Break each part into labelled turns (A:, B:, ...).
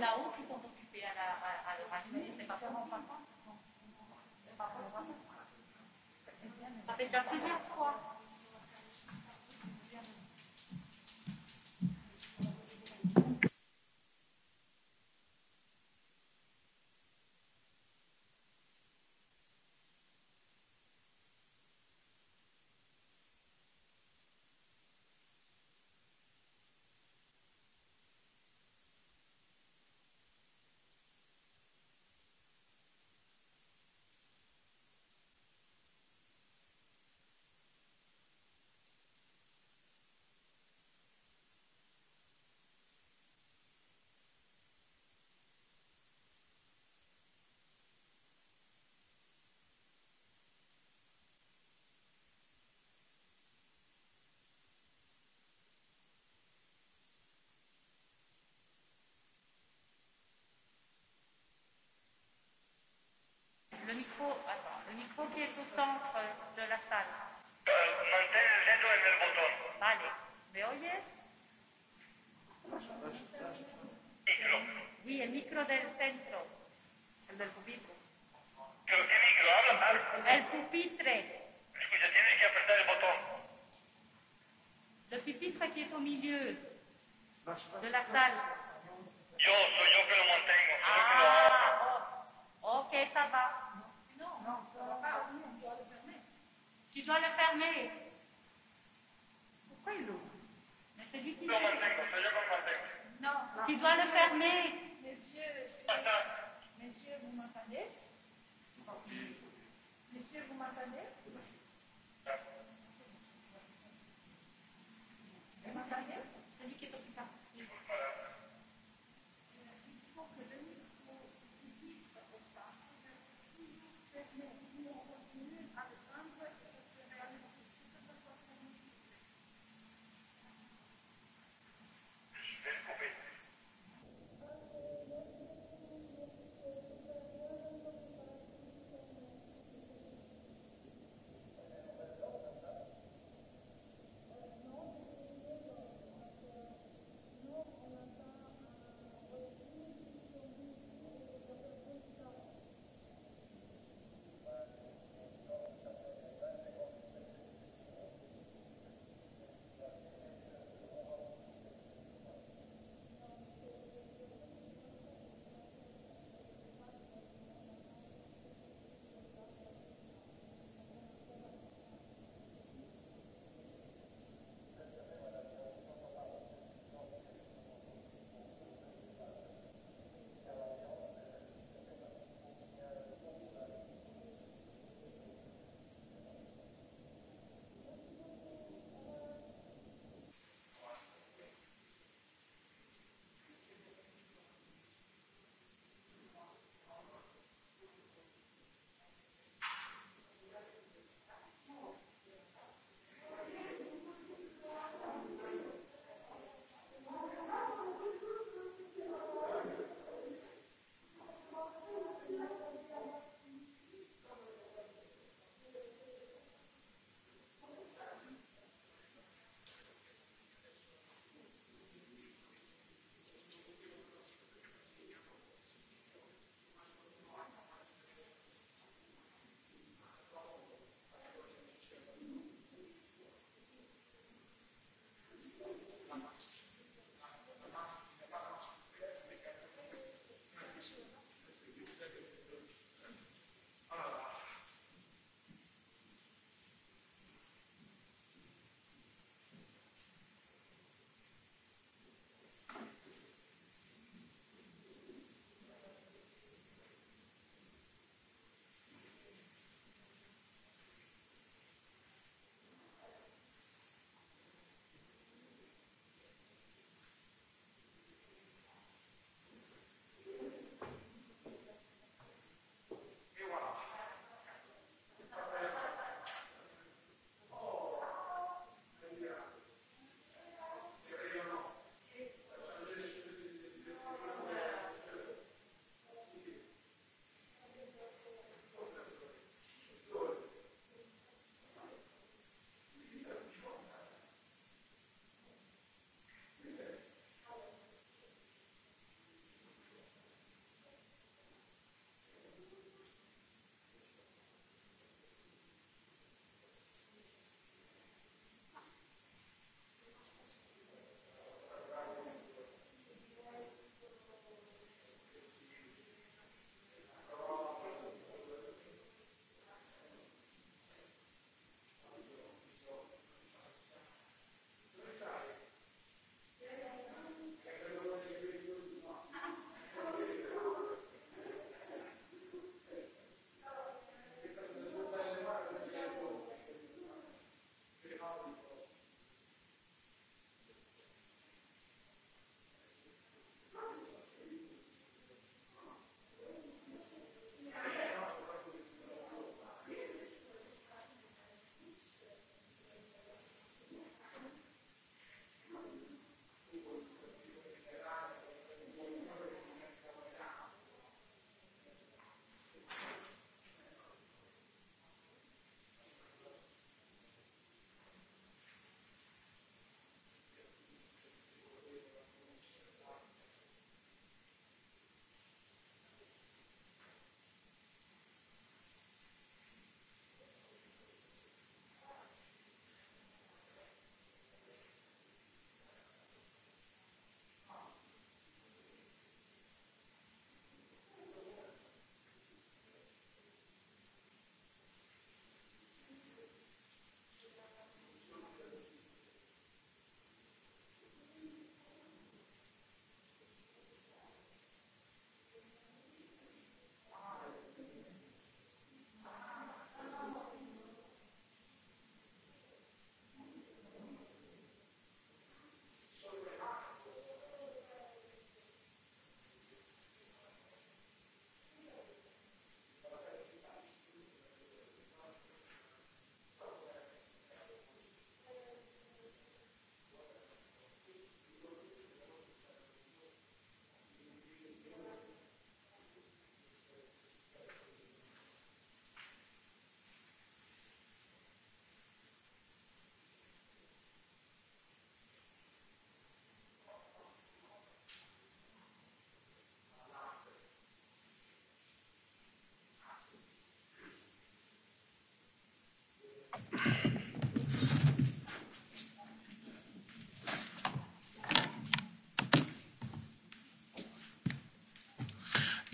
A: là-haut qui sont occupés à, la, à, à leur accueil, c'est pas forcément pas. Ça fait déjà plusieurs. qui est au milieu de la salle. Yo, soy yo que lo mantengo. Soy ah, que lo... Ah, oh, ok, ça va. Non, non, ça va pas. On doit le fermer. Tu dois le fermer. Pourquoi il l'ouvre Mais c'est lui qui le ferme. Non, non. Tu dois monsieur, le fermer. Messieurs, excusez-moi. Messieurs, vous m'entendez Messieurs, vous m'entendez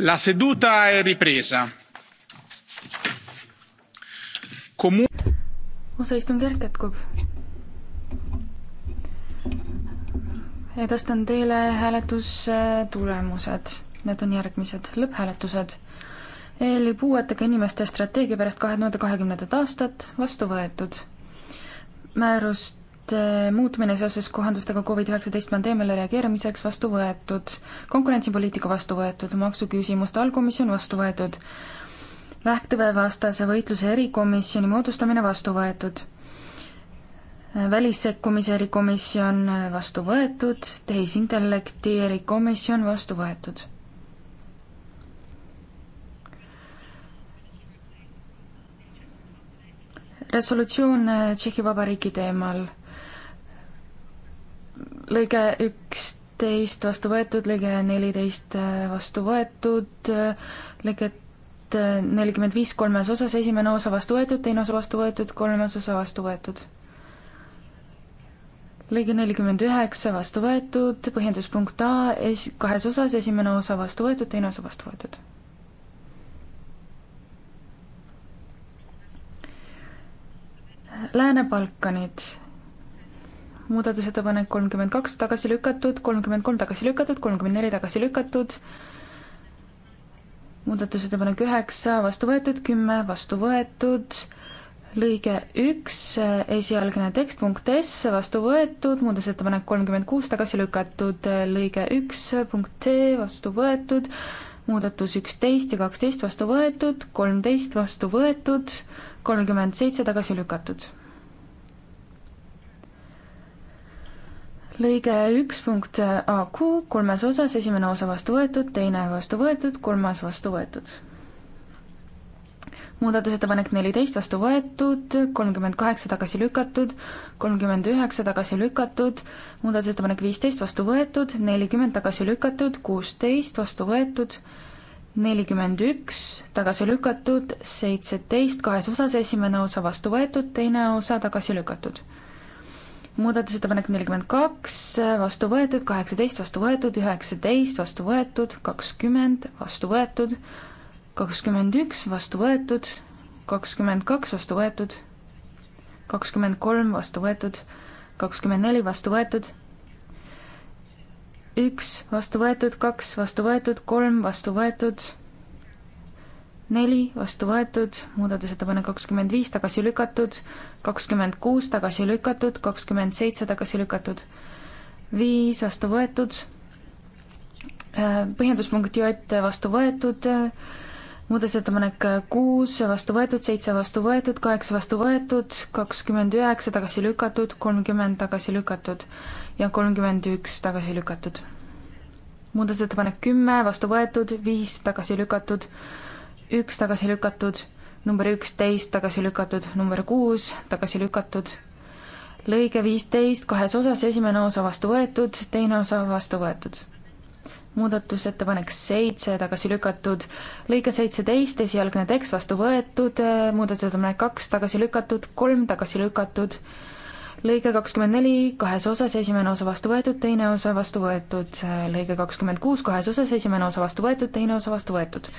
A: La seduta è ripresa. Komu- osaistungjärk jätkub. edastan teile hääletustulemused. Need on järgmised lõpphääletused. EL-i puuetega inimeste strateegia pärast kahe tuhande kahekümnendat aastat vastu võetud. määrust Eh, muutmine seoses kohandustega Covid-19 pandeemiale reageerimiseks vastu võetud, konkurentsipoliitika vastu võetud, maksuküsimuste allkomisjon vastu võetud, vähktõvevastase võitluse erikomisjoni moodustamine vastu võetud, välissekkumise erikomisjon vastu võetud, tehisintellekti erikomisjon vastu võetud resolutsioon Tšehhi Vabariigi teemal lõige üksteist vastu võetud, lõige neliteist äh, vastu võetud, äh, lõiget äh, nelikümmend viis kolmes osas, esimene osa vastu võetud, teine osa vastu võetud, kolmas osa vastu võetud. lõige nelikümmend üheksa vastu võetud, põhjenduspunkt A es-, kahes osas, esimene osa vastu võetud, teine osa vastu võetud. Lääne-Balkanid muudatusettepanek kolmkümmend kaks tagasi lükatud, kolmkümmend kolm tagasi lükatud, kolmkümmend neli tagasi lükatud, muudatusettepanek üheksa vastu võetud, kümme vastu võetud, lõige üks, esialgne tekst, punkt S vastu võetud, muudatusettepanek kolmkümmend kuus tagasi lükatud, lõige üks, punkt T vastu võetud, muudatus üksteist ja kaksteist vastu võetud, kolmteist vastu võetud, kolmkümmend seitse tagasi lükatud lõige üks punkt AQ kolmes osas, esimene osa vastu võetud, teine vastu võetud, kolmas vastu võetud. muudatusettepanek neliteist vastu võetud, kolmkümmend kaheksa tagasi lükatud, kolmkümmend üheksa tagasi lükatud, muudatusettepanek viisteist vastu võetud, nelikümmend tagasi lükatud, kuusteist vastu võetud, nelikümmend üks tagasi lükatud, seitseteist kahes osas, esimene osa vastu võetud, teine osa tagasi lükatud muudatusettepanek nelikümmend kaks, vastu võetud, kaheksateist vastu võetud, üheksateist vastu võetud, kakskümmend vastu võetud, kakskümmend üks vastu võetud, kakskümmend kaks vastu võetud, kakskümmend kolm vastu võetud, kakskümmend neli vastu võetud, üks vastu võetud, kaks vastu võetud, kolm vastu võetud neli vastu võetud, muudatusettepanek kakskümmend viis tagasi lükatud, kakskümmend kuus tagasi lükatud, kakskümmend seitse tagasi lükatud, viis vastu võetud, äh, põhjenduspunkt J vastu võetud, muudatusettepanek kuus vastu võetud, seitse vastu võetud, kaheksa vastu võetud, kakskümmend üheksa tagasi lükatud, kolmkümmend tagasi lükatud ja kolmkümmend üks tagasi lükatud. muudatusettepanek kümme vastu võetud, viis tagasi lükatud üks tagasi lükatud, number üksteist tagasi lükatud, number kuus tagasi lükatud, lõige viisteist kahes osas, esimene osa vastu võetud, teine osa vastu võetud. muudatusettepanek seitse tagasi lükatud, lõige seitseteist, esialgne tekst vastu võetud, muudatusettepanek kaks tagasi lükatud, kolm tagasi lükatud, lõige kakskümmend neli kahes osas, esimene osa vastu võetud, teine osa vastu võetud, lõige kakskümmend kuus kahes osas, esimene osa vastu võetud, teine osa vastu võetud